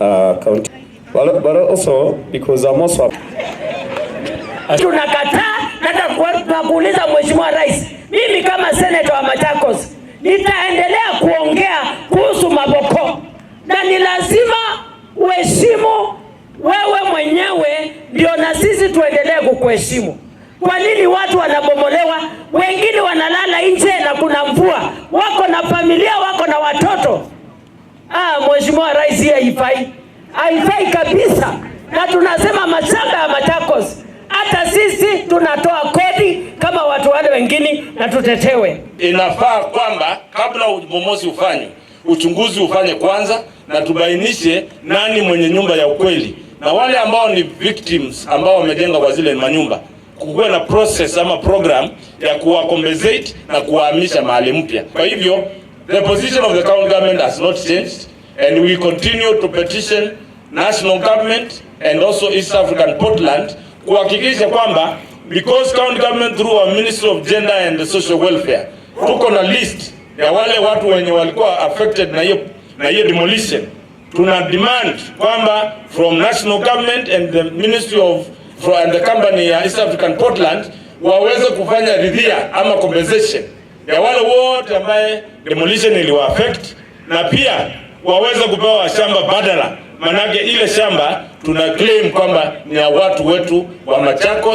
Uh, county but, but also because I'm also tunakataa hata kuuliza Mheshimiwa Rais, mimi kama senator wa Machakos nitaendelea kuongea kuhusu maboko na ni lazima uheshimu wewe mwenyewe, ndio na sisi tuendelee kukuheshimu. Kwa nini watu wanabomolewa, wengine wanalala nje na kuna mvua, wako na familia, wako na watoto ah, mheshimiwa rais hii haifai, haifai kabisa, na tunasema mashamba ya matakos, hata sisi tunatoa kodi kama watu wale wengine na tutetewe. Inafaa kwamba kabla ubomozi ufanywe, uchunguzi ufanye kwanza, na tubainishe nani mwenye nyumba ya ukweli, na wale ambao ni victims ambao wamejenga kwa zile manyumba, kukuwa na process ama program ya kuwakompensate na kuwahamisha mahali mpya. Kwa hivyo The position of the county government has not changed and we continue to petition national government and also East African Portland kuhakikisha kwamba because county government through our Ministry of Gender and Social Welfare tuko na list ya wale watu wenye walikuwa affected na hiyo na hiyo demolition. Tuna demand kwamba from national government and the ministry of and the company ya East African Portland waweze kufanya ridhia ama compensation ya wale wote ambaye demolition iliwa affect na pia waweze kupewa shamba badala, manake ile shamba tuna claim kwamba ni ya watu wetu wa Machakos.